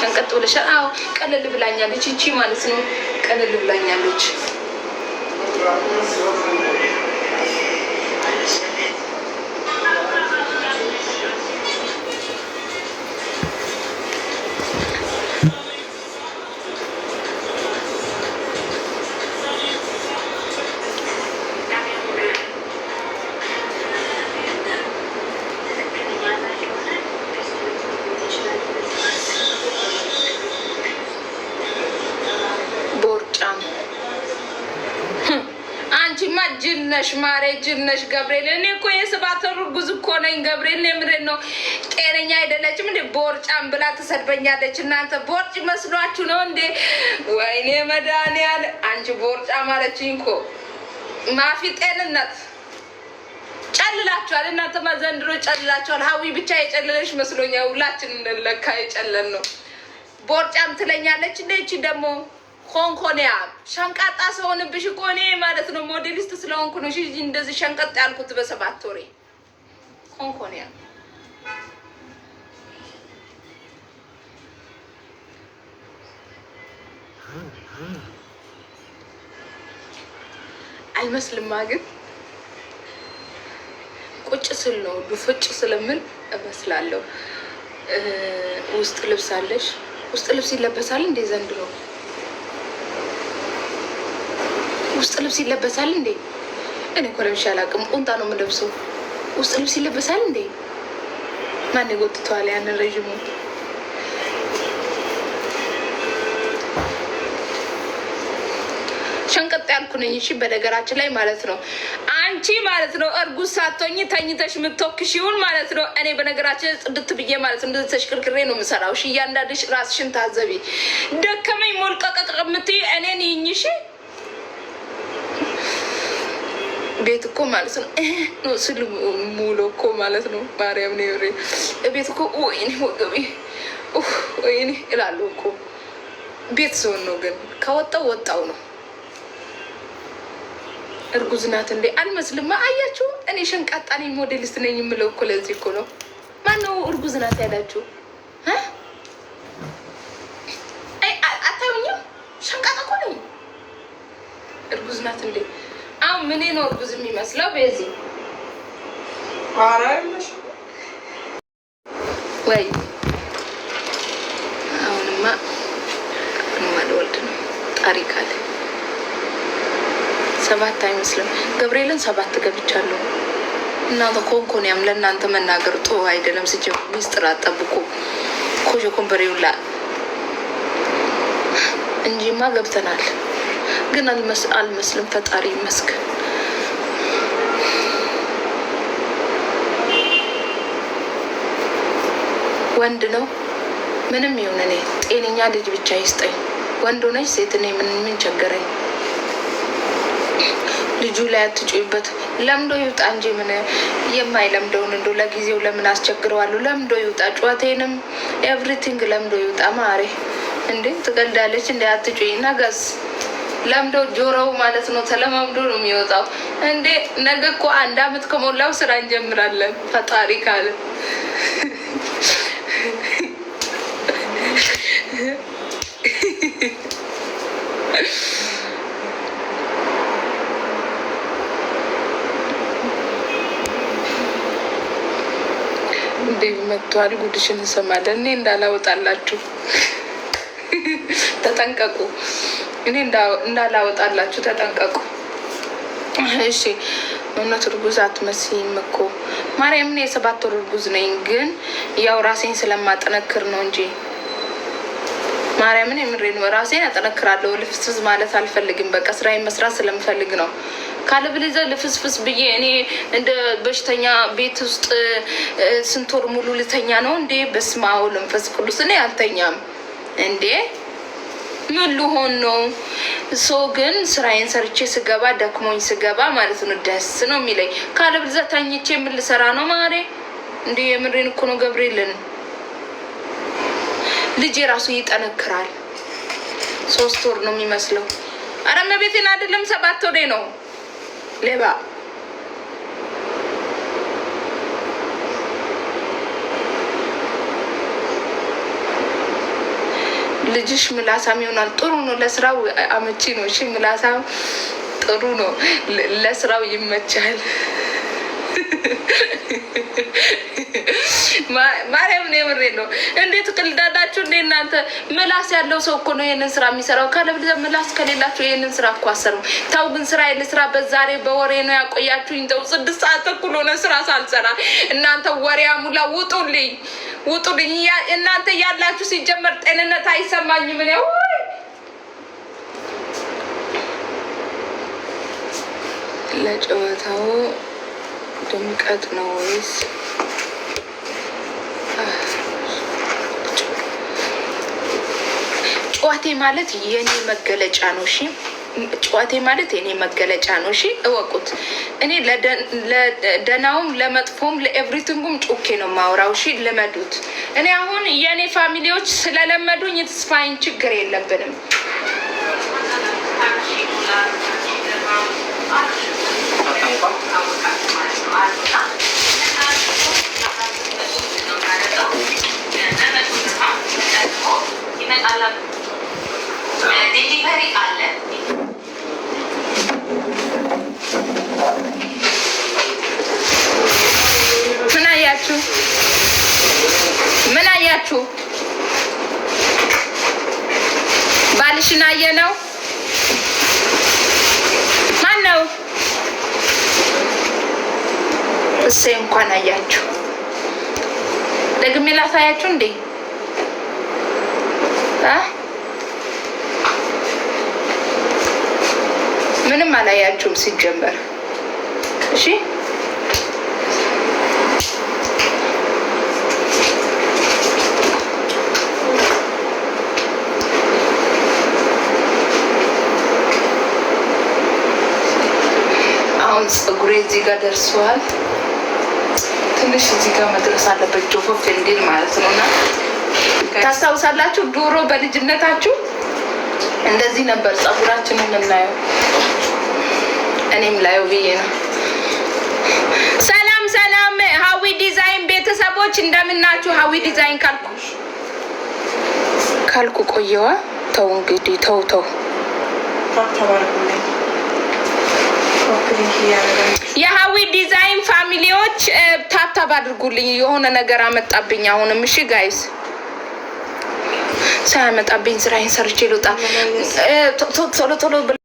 ሸንቀጥ ብለሻል። አዎ ቀለል ብላኛለች። እቺ ማለት ነው ቀለል ብላኛለች። ነሽ ማሬ፣ ጅል ነሽ ገብርኤል። እኔ እኮ የሰባት ወር እርጉዝ እኮ ነኝ ገብርኤል። የምሬን ነው። ጤነኛ አይደለችም እንዴ? ቦርጫም ብላ ትሰድበኛለች። እናንተ ቦርጭ መስሏችሁ ነው እንዴ? ወይኔ መድኃኒዓለም፣ አንቺ ቦርጫ ማለችኝ እኮ ማፊ ጤንነት ጨልላችኋል። እናንተማ ዘንድሮ ጨልላችኋል። ሀዊ ብቻ የጨለለች መስሎኛ፣ ሁላችን ለካ የጨለን ነው። ቦርጫም ትለኛለች እንዴ? ይቺ ደግሞ ኮንኮንያ ሸንቃጣ ስሆንብሽ እኮ እኔ ማለት ነው ሞዴሊስት ስለሆንኩ ነው እንደዚህ ሸንቀጥ ያልኩት በሰባት ወሬ ኮንኮንያ አይመስልማ ግን ቁጭ ስል ነው ዱፍጭ ስለምን እመስላለሁ። ውስጥ ልብስ አለሽ? ውስጥ ልብስ ይለበሳል እንዴ ዘንድሮ? ውስጥ ልብስ ይለበሳል እንዴ? እኔ እኮ ለብሼ አላውቅም። ቁምጣ ነው የምለብሰው። ውስጥ ልብስ ይለበሳል እንዴ? ማን ጎትተዋል ያንን ረዥሙ? ሸንቀጥ ያልኩ ነኝ። እሺ በነገራችን ላይ ማለት ነው አንቺ ማለት ነው እርጉዝ ሳቶኝ ተኝተሽ የምትወክሺውን ማለት ነው። እኔ በነገራችን ጽድት ብዬ ማለት ነው ተሽክርክሬ ነው የምሰራው። እሺ እያንዳንድሽ ራስሽን ታዘቢ። ደከመኝ ሞልቀቀቅ የምትይ እኔን ይኝሽ ቤት እኮ ማለት ነው ስል ሙሎ እኮ ማለት ነው። ማርያም ነው ሬ ቤት እኮ ወይኔ ወገቤ ወይኔ እላለሁ እኮ ቤት ስሆን ነው። ግን ከወጣው ወጣው ነው። እርጉዝ ናት እንዴ አልመስልም። አያችሁ፣ እኔ ሸንቃጣኔ ሞዴሊስት ነኝ የምለው እኮ ለዚህ እኮ ነው። ማነው እርጉዝ ናት ያላችሁ? አታዩኝም? ሸንቃጣ እኮ ነኝ። እርጉዝ ናት እንዴ አሁን ምን ነው ብዙ የሚመስለው ቤዚ ወይ አሁንማ ማልወልድ ነው። ሰባት አይመስልም። ገብርኤልን ሰባት ገብቻለሁ። እናንተ ያም ለእናንተ መናገር ጦ አይደለም። ስጀ ሚስጥር አጠብቁ ኮሾ ኮንበሬውላ እንጂማ ገብተናል። ግን አልመስልም። ፈጣሪ ይመስገን። ወንድ ነው ምንም ይሁን እኔ ጤነኛ ልጅ ብቻ ይስጠኝ። ወንድ ሆነች ሴት እኔ ምን ምን ቸገረኝ። ልጁ ላይ አትጩይበት። ለምዶ ይውጣ እንጂ ምን የማይለምደውን እንዶ ለጊዜው ለምን አስቸግረዋለሁ? ለምዶ ይውጣ። ጨዋታዬንም ኤቭሪቲንግ ለምዶ ይውጣ። ማሬ እንዴ ትቀልዳለች እንደ አትጩይ ነገስ ለምዶ ጆሮው ማለት ነው ተለማምዶ ነው የሚወጣው። እንዴ ነገ እኮ አንድ አመት ከሞላው ስራ እንጀምራለን። ፈጣሪ ካለ እንዴ መጥቷል። ጉድሽን እንሰማለን። እኔ እንዳላወጣላችሁ ተጠንቀቁ። እኔ እንዳላወጣላችሁ ተጠንቀቁ። እሺ እውነት እርጉዝ አትመስይም እኮ ማርያም። እኔ የሰባት ወር እርጉዝ ነኝ፣ ግን ያው ራሴን ስለማጠነክር ነው እንጂ ማርያምን የምሬን ራሴን አጠነክራለሁ። ልፍስፍስ ማለት አልፈልግም። በቃ ስራዬን መስራት ስለምፈልግ ነው። ካለብልዘ ልፍስፍስ ብዬ እኔ እንደ በሽተኛ ቤት ውስጥ ስንት ወር ሙሉ ልተኛ ነው እንዴ? በስመ አብ ወመንፈስ ቅዱስ እኔ አልተኛም እንዴ ምን ልሆን ነው? ሰው ግን ስራዬን ሰርቼ ስገባ ደክሞኝ ስገባ ማለት ነው ደስ ነው የሚለኝ። ካለብዛ ታኝቼ ምን ልሰራ ነው ማሬ? እንዲ የምሬን እኮ ነው ገብርኤልን። ልጄ ራሱ ይጠነክራል። ሶስት ወር ነው የሚመስለው። አረ እመቤቴን አይደለም ሰባት ወዴ ነው ሌባ ልጅሽ ምላሳም ይሆናል። ጥሩ ነው፣ ለስራው አመቺ ነው። እሺ ምላሳም ጥሩ ነው፣ ለስራው ይመቻል። ማርያምን የምሬ ነው። እንዴት ቅልዳላችሁ እንዴ እናንተ! ምላስ ያለው ሰው እኮ ነው ይህንን ስራ የሚሰራው። ካለብዛ ምላስ ከሌላችሁ ይህንን ስራ እኮ አሰሩ። ተው ግን ስራ ይህን ስራ በዛሬ በወሬ ነው ያቆያችሁኝ። ተው ስድስት ሰዓት ተኩል ሆነ ስራ ሳልሰራ እናንተ ወሬ አሙላ ውጡልኝ፣ ውጡልኝ። እናንተ ያላችሁ ሲጀመር ጤንነት አይሰማኝም ነው ለጨዋታው ድምቀት ነው ወይስ ጨዋቴ ማለት የኔ መገለጫ ነው? እሺ ጨዋቴ ማለት የኔ መገለጫ ነው። እሺ እወቁት። እኔ ለደናውም ለመጥፎም ለኤቭሪቲንጉም ጩኬ ነው ማውራው። እሺ ልመዱት። እኔ አሁን የእኔ ፋሚሊዎች ስለለመዱኝ የተስፋይን ችግር የለብንም። ምን አያችሁ? ምን አያችሁ? እሴ እንኳን አያችሁ። ደግሜ ላሳያችሁ እንዴ? ምንም አላያችሁም ሲጀመር። እሺ አሁን ፀጉሬ እዚህ ጋር ደርሰዋል። ትንሽ እዚህ ጋር መድረስ አለበት ጆፎፍ እንዲል ማለት ነው። እና ታስታውሳላችሁ ዱሮ በልጅነታችሁ እንደዚህ ነበር ጸጉራችንን የምናየው። እኔም ላየው ብዬ ነው። ሰላም ሰላም፣ ሀዊ ዲዛይን ቤተሰቦች እንደምናችሁ። ሀዊ ዲዛይን ካልኩ ካልኩ ቆየዋ። ተው እንግዲህ ተው ተው የሀዊ ዲዛይን ፋሚሊዎች ታብታብ አድርጉልኝ። የሆነ ነገር አመጣብኝ። አሁንም እሺ ጋይስ ሳያመጣብኝ ስራዬን ሰርቼ ልውጣ ቶሎ ቶሎ